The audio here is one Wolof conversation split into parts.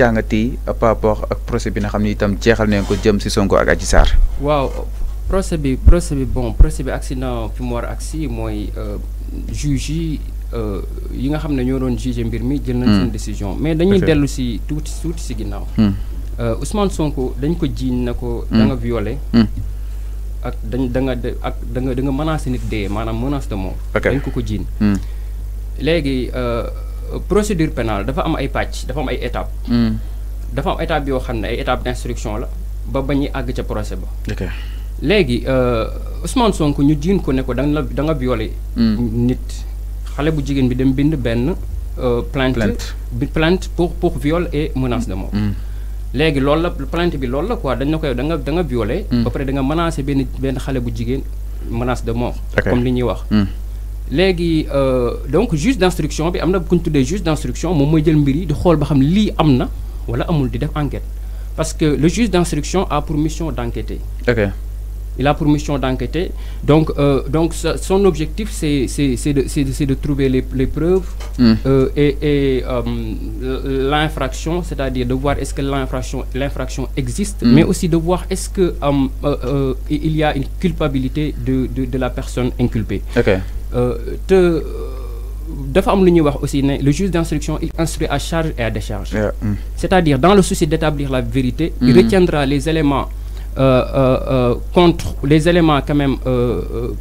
càngat yi par rapport ak procès bi nga xam ni itam jeexal nañ ko jëm si Sonko ak Adji waaw procès bi procès bi bon procès bi agsi na fi mu war a agsi mooy euh, juge yi euh, yi nga xam ne ñoo doon juge mbir mi. jël nañ seen hmm. décision mais dañuy dellu si tuuti tuuti si ginnaaw. Hmm. Euh, Ousmane Sonko dañ ko jiiñ na ko. Hmm. da nga ak dañ danga nga ak da nga da nga menacé nit dee maanaam menace de mort. dañ ko ko jiiñ léegi. procédure pénale dafa am ay pàcc dafa am ay étapes. Hmm. dafa am étape yoo xam ne ay étape d' instruction la ba bañ ñuy àgg ca procès ba. léegi euh, Ousmane sonk ñu jiin ko ne ko da nga da nit xale bu jigéen bi dem bind benn. Euh, plainte bi plainte pour pour viol et menace de mort. Hmm. léegi loolu la plainte bi loolu la quoi dañ na koy da nga danga nga violé. Hmm. ba pare da nga benn benn xale bu jigéen menace de mort. comme li ñuy wax. léegi euh, donc juge d'instruction bi am na un juge d'instruction moom mooy jël mbir yi di xool ba xam lii amul di enquête parce que le juge d'instruction a pour mission d'enquêter. ok il a pour mission d'enquêter donc euh, donc son objectif c'est c'est de trouver les preuves. Hmm. Euh, et et l'infraction c'est-à-dire de voir est-ce que l'infraction l'infraction existe. Hmm. mais aussi de voir est-ce que il y a une culpabilité de de de la personne inculpée. ok euh, te euh, dafa am aussi le juge d'instruction il instruit à charge et à décharge. Mm. c'est-à-dire dans le souci d'établir la vérité. il mm. retiendra les éléments. Euh, contre les éléments quand même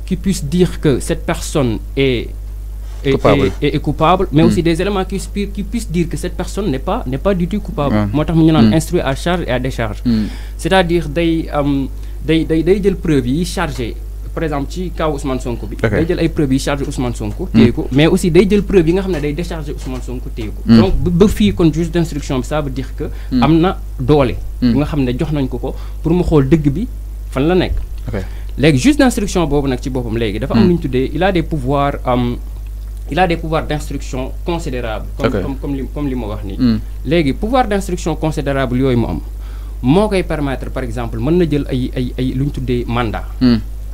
qui puissent dire que cette personne est, est, coupable. mais mm. aussi des éléments qui, puissent dire que cette personne n'est pas, n'est pas du tout coupable. Moi, instruit à charge et à décharge. C'est-à-dire des, des, des, des, des par exemple ci kaw Ousmane Sonko bi day jël ay preuve yi chargé Ousmane Sonko hmm. téye ko mais aussi day jël preuve yi nga xam ne day décharger Ousmane Sonko téye ko hmm. donc ba fii kon juge d'instruction bi ça veut dire que hmm. am na doole bi nga xam ne jox nañ ko ko pour mu xool dëgg bi fan la nekk léegi juge d'instruction boobu nag ci boppam léegi dafa am lu ñu tuddee il a des pouvoirs am il a des pouvoirs d'instruction considérables comme comme comme li comme li ma wax nii léegi pouvoir d'instruction considérable yooyu mu am moo koy permettre par exemple mën na jël ay ay ay luñ ñu tuddee mandat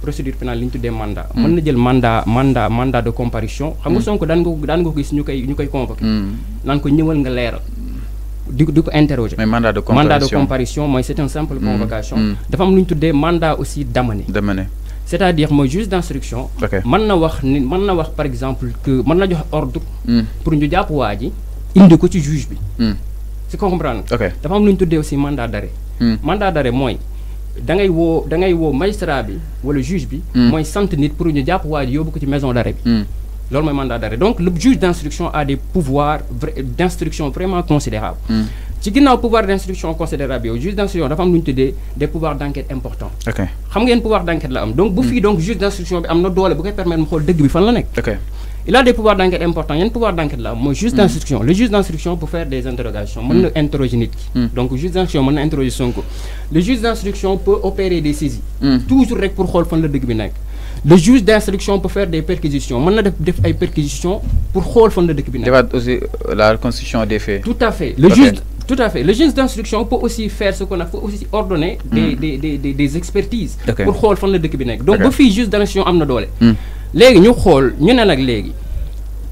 procédure pénale li tuddé mandat. Hmm. mën na jël mandat mandat mandat de comparution. xam nga hmm. Sonko dan nga dan nga gis ñukay ñukay ñu koy convoqué. Hmm. naan ko ñëwal nga leeral. di ko di ko interroger. mais mandat de comparution mandat de comparution mooy c'est un simple convocation. dafa am lu tuddé mandat aussi d'amener. d'amener. c'est-à-dire moi juge d'instruction. man na wax ni man na wax par exemple que man na jox ordre. pour ñu japp waaji indi ko ci juge bi. c'est comprendre. dafa am lu tuddé aussi mandat d'arrêt. mandat d'arrêt mooy dangay wo dans wo magistrat bi wala juge bi. moy hmm. sante nit pour ñu japp waaji yobu ko ci maison d'arrêt bi. moy hmm. mandat d'arrêt donc le juge d'instruction a des pouvoirs d'instruction vraiment considérables. Hmm. ci un pouvoir d'instruction considérable yow juge d'instruction dafa am luñ des pouvoirs d'enquête importants. ok xam ngeen pouvoir d'enquête la am. donc bu fii donc juge d'instruction bi am doole bu permettre mu xool dëgg bi fan la il a des pouvoirs d'enquête importants Il y a un pouvoir d'enquête là. am juste juge hmm. d'instruction le juge d'instruction peut faire des interrogations mën na hmm. interroger hmm. donc juge d'instruction le juge d'instruction peut opérer des saisies toujours rek pour xool fan la le juge d'instruction peut faire des perquisitions mën na def perquisitions pour fan la bi débat aussi euh, la reconstitution des faits tout à fait le juge Tout à fait. Le juge d'instruction peut aussi faire ce qu'on a, peut aussi ordonner des, des, des, des, expertises pour le fond de Donc, le juge d'instruction a léegi ñu xol ñu né nak légui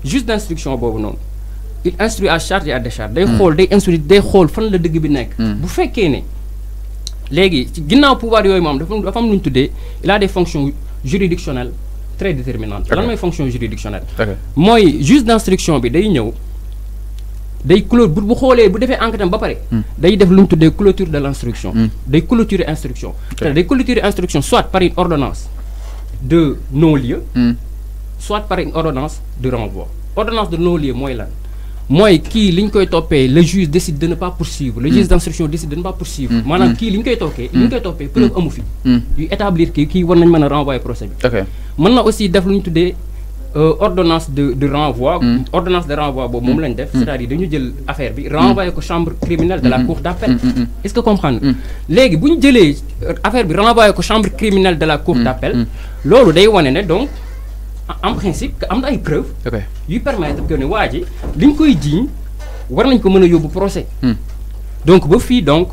juste d'instruction bobu non, il instruit à charge et à décharge. day hmm. xol day instruit day xol fan la dëgg bi nekk. Hmm. bu féké né légui ci ginnaw pouvoir yoy mom dafa dafa am lu ñu il a des fonctions juridictionnelles très déterminantes. lan mooy fonction juridictionnelle. moy juste d'instruction bi day ñëw day clôt bu xolé bu défé enquête ba paré hmm. day def luñ tuddé clôture de l'instruction. day clôturer instruction. des day clôturer instruction soit par une ordonnance de nos lieux hmm. soit par une ordonnance de renvoi. Ordonnance de nos lieux, moi, là. Moi, qui au topé, le juge décide de ne pas poursuivre, le juge hmm. d'instruction décide de ne pas poursuivre. Maintenant, qui pays, topé, topé, preuve hmm. Établir qui, qui, on Maintenant aussi, euh, hmm. ordonnance de renvoi. ordonnance de renvoi c'est-à-dire affaire chambre de la hmm. cour hmm. d'appel. est-ce que comprendre les bu les euh, affaire bi renvoyer chambre criminelle de la cour d'appel. loolu day wane donc en principe am na ay preuves. de permettre que ne koy procès. donc vous donc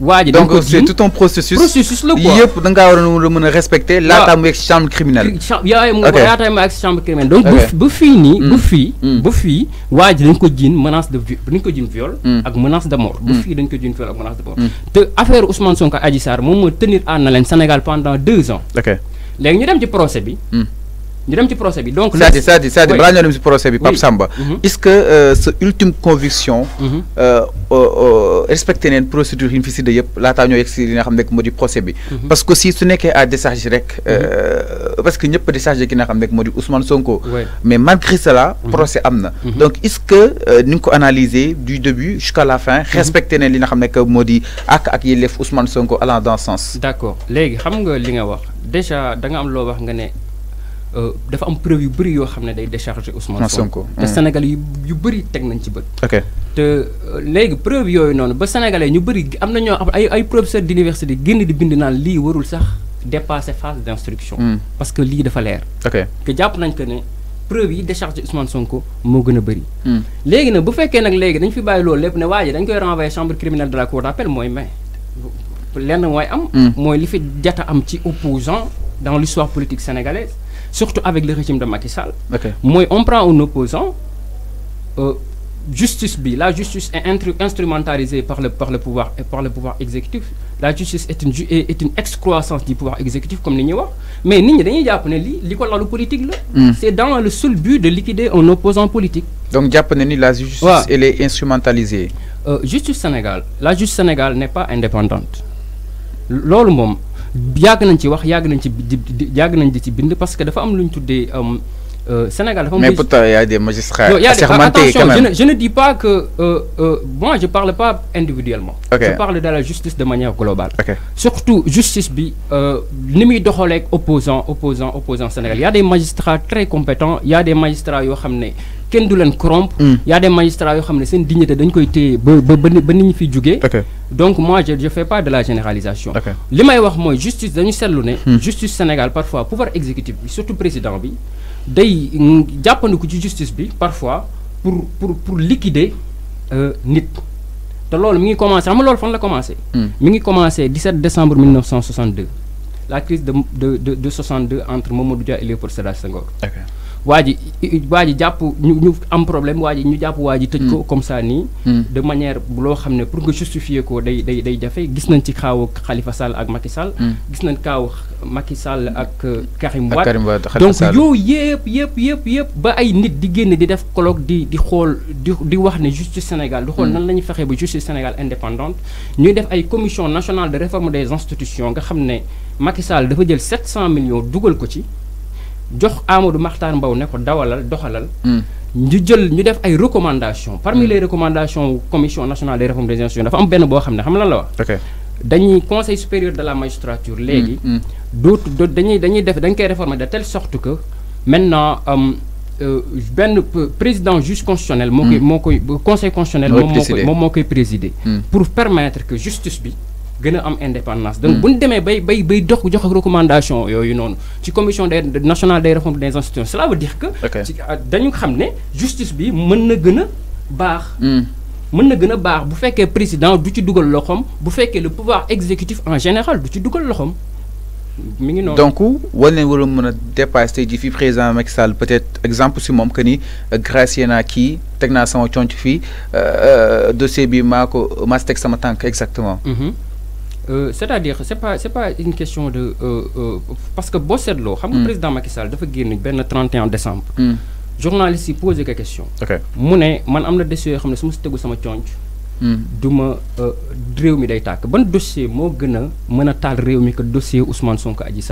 waa donc c'est tout un processus. processus le quoi Il da ngaa waroon a mën a respecter. laata mu yegg chambre criminelle. yaa laata mu yegg chambre criminelle. donc bu fini, nii. bu mm. fii mm. bu fii waa ji dañ ko jiin menace de vi dañ ko mm. viol. ak menace de mort. bu fii dañ ko une viol ak menace de mort. te affaire Ousmane Sonko Adji Sarr moom tenir en Sénégal pendant deux ans. ok léegi ñu dem ci procès bi ñu dem ci procès bi donc. c'est-à-dire c'est-à-dire ci procès bi Pape Samba. Mhm. est-ce que ce euh, ultime conviction. Mhm. Euh, euh, respecter neen procédure yi ñu fi cité yëpp laataa ñoo yegg li nga xam nek modi procès bi. Mhm. parce que si su que à décharge rek. parce que ñëpp a déchargé ki nga xam nek modi Ousmane Sonko. mais malgré cela. procès amna donc est-ce que nous analyser du début jusqu'à la fin. respecter les li nga xam nek modi les ak ak yelef Ousmane Sonko allant dans ce sens. d'accord légui xam nga li nga wax déjà da nga am lo wax nga né euh, dafa am preuve yu bëri yoo xam ne day décharger Ousmane Sonko te mm. Sénégalais, yu yu bëri teg nañ ci bët. ok te euh, léegi preuve yooyu noonu ba sénégalais ñu bëri am na ñoo ay ay professeurs d'université génn di bind naan lii warul sax dépasser phase d'instruction. Mm. parce que lii dafa leer. ok que jàpp nañ que ne preuve yi décharger Ousmane Sonko moo gën a bëri. Mm. léegi nag bu fekkee nag léegi dañ fi bàyyi loolu lépp ne waa ji dañ koy renvoyer chambre criminelle de la cour d'appel mooy may lenn mooy am. mooy li fi jata am ci opposant dans l'histoire politique sénégalaise surtout avec le régime de Macky Sall. Moi, on prend un opposant euh, justice la justice est instrumentalisée par le par le pouvoir et par le pouvoir exécutif la justice est une est une excroissance du pouvoir exécutif comme l'ignore mais nous, dañuy politique hmm. c'est dans le seul but de liquider un opposant politique. donc la justice. elle est instrumentalisée. Euh, justice Sénégal la justice Sénégal n'est pas indépendante yàgg nañ ci wax yàgg nañ ci yàgg nañ ci bind parce que dafa am luñ tuddee euh, euh, Sénégal dafa mais pourtant y' a des magistrats assermentés quand même je ne dis pas que euh, moi je parle pas individuellement. je parle de la justice de manière globale. surtout justice bi ni muy doxaleeg opposant opposant opposant Sénégal y' a des magistrats très compétents y' a des magistrats yoo xam ne kenn du leen hmm. y' a des magistrats yoo xam ne seen dignité dañ koy téye ba ba ba ni ñu fiy jugee donc moi je ne fais pas de la généralisation Ce wax justice dañu seetlu hmm. justice Sénégal parfois pouvoir exécutif surtout président bi day jàppandiku ci justice bi parfois pour pour pour liquider euh, nit Alors, loolu mi ngi commencé c'est ce loolu fan la commencé hmm. mi 17 décembre 1962 la crise de de de 62 entre Mamadou Dia et Léopold Sédar Senghor waa ji waa ñu am problème waa ñu japp waa tejj ko hmm. comme ça ni hmm. de manière lo xamné pour que justifier ko day day day jafé gis nañ ci xaaw Khalifa Sall ak Macky Sall hmm. gis nañ kaw Macky Sall ak euh, Karim Wade donc yo yep yep yep yep ba ay nit di génné di def colloque di di xol di wax né justice Sénégal di xol nan lañu fexé fexee ba justice Sénégal indépendante ñu def ay commission nationale de réforme des institutions nga xamné Macky Sall dafa jël 700 millions dugal ko ci jox Amadou Makhtar mbaw ne ko dawalal doxalal. Hmm. ñu jël ñu def ay recommandations. parmi hmm. les recommandations commission nationale des réformes des institutions dafa am benn boo xam ne xam lan la wax. dañuy conseil supérieur de la magistrature. léegi hmm, dootu dañuy dañuy def dañ koy réformer de telle sorte que maintenant euh, benn président juge constitutionnel. moo koy moo koy conseil constitutionnel. moom moo koy moom présider. pour permettre que justice bi gën a am indépendance donc hmm. bu ñu demee bay bay bay dox ak recommandation yooyu noonu ci commission des nationale des réformes des institutions cela veut dire que ah, dañu xam justice bi mën na gën a baax hmm. mën na gën a baax bu fekkee président du ci dugal loxom bu fekkee le pouvoir exécutif en général du ci dugal loxom. mi ngi noonu donc war nañ war mën a dépassé tey jii président Macky Sall peut-être exemple si moom que ni euh, gracier naa kii teg naa sama conc fii euh, euh, dossier bi maa ko sama tànk exactement mm-hmm. Euh, c'est-à-dire c'est pas c'est pas une question de euh, euh parce que boo seetloo xam le hmm. président Macky Sall dafa guen le 31 décembre hmm. journaliste yi posé des question mu suis man amna dossier xamné suma le sama hmm. euh, réew mi day tak dossier mo gëna mëna tal que dossier Ousmane Sonko Adji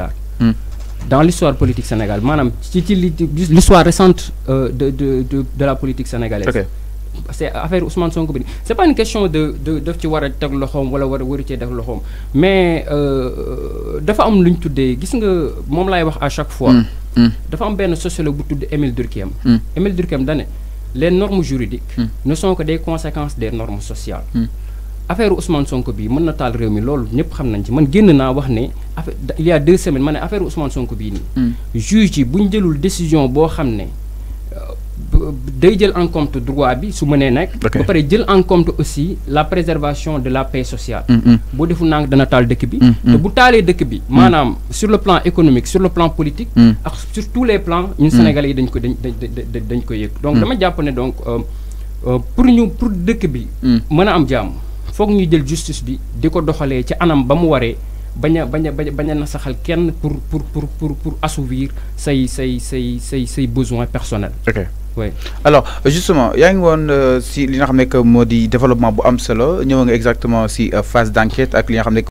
dans l'histoire politique sénégalaise manam ci l'histoire récente de de de la politique sénégalaise c'est affaire Ousmane Sonko bi c'est pas une question de de de ci war tag loxom wala war a waru def loxom mais euh, dafa am luñ tuddé gis nga mom lay wax à chaque fois. Hmm, hmm. dafa am ben sociologue bu tudd Émile Durkheim. Hmm. Émile Durkheim dané les normes juridiques. ne sont que des conséquences des normes sociales. affaire Ousmane Sonko bi mën na tal réew mi loolu ñëpp xam nañ ci man génn naa wax ne il y a deux semaines ma affaire Ousmane Sonko bii juge yi bu jëlul décision boo xam ne day jël en compte droit bi su mënee nekk. ba pare jël en compte aussi la préservation de la paix sociale. Mm, mm. boo defu nang dana taal dëkk bi. Mm, te bu taalee dëkk bi. maanaam sur le plan économique sur le plan politique. ak sur tous les plans ñun Sénégalais yi dañ ko dañ dañ ko yëg. donc dama jàpp ne donc euh, euh, pour ñu pour dëkk bi. mën a am jàmm foog ñu jël justice bi di ko doxalee ci anam ba mu waree. bañ a bañ a bañ a nasaxal kenn pour pour pour pour pour assouvir say say say say say besoins personnels alors justement il y a si li si xam que modi développement bu am solo ñëw exactement si euh, phase d'enquête avec ak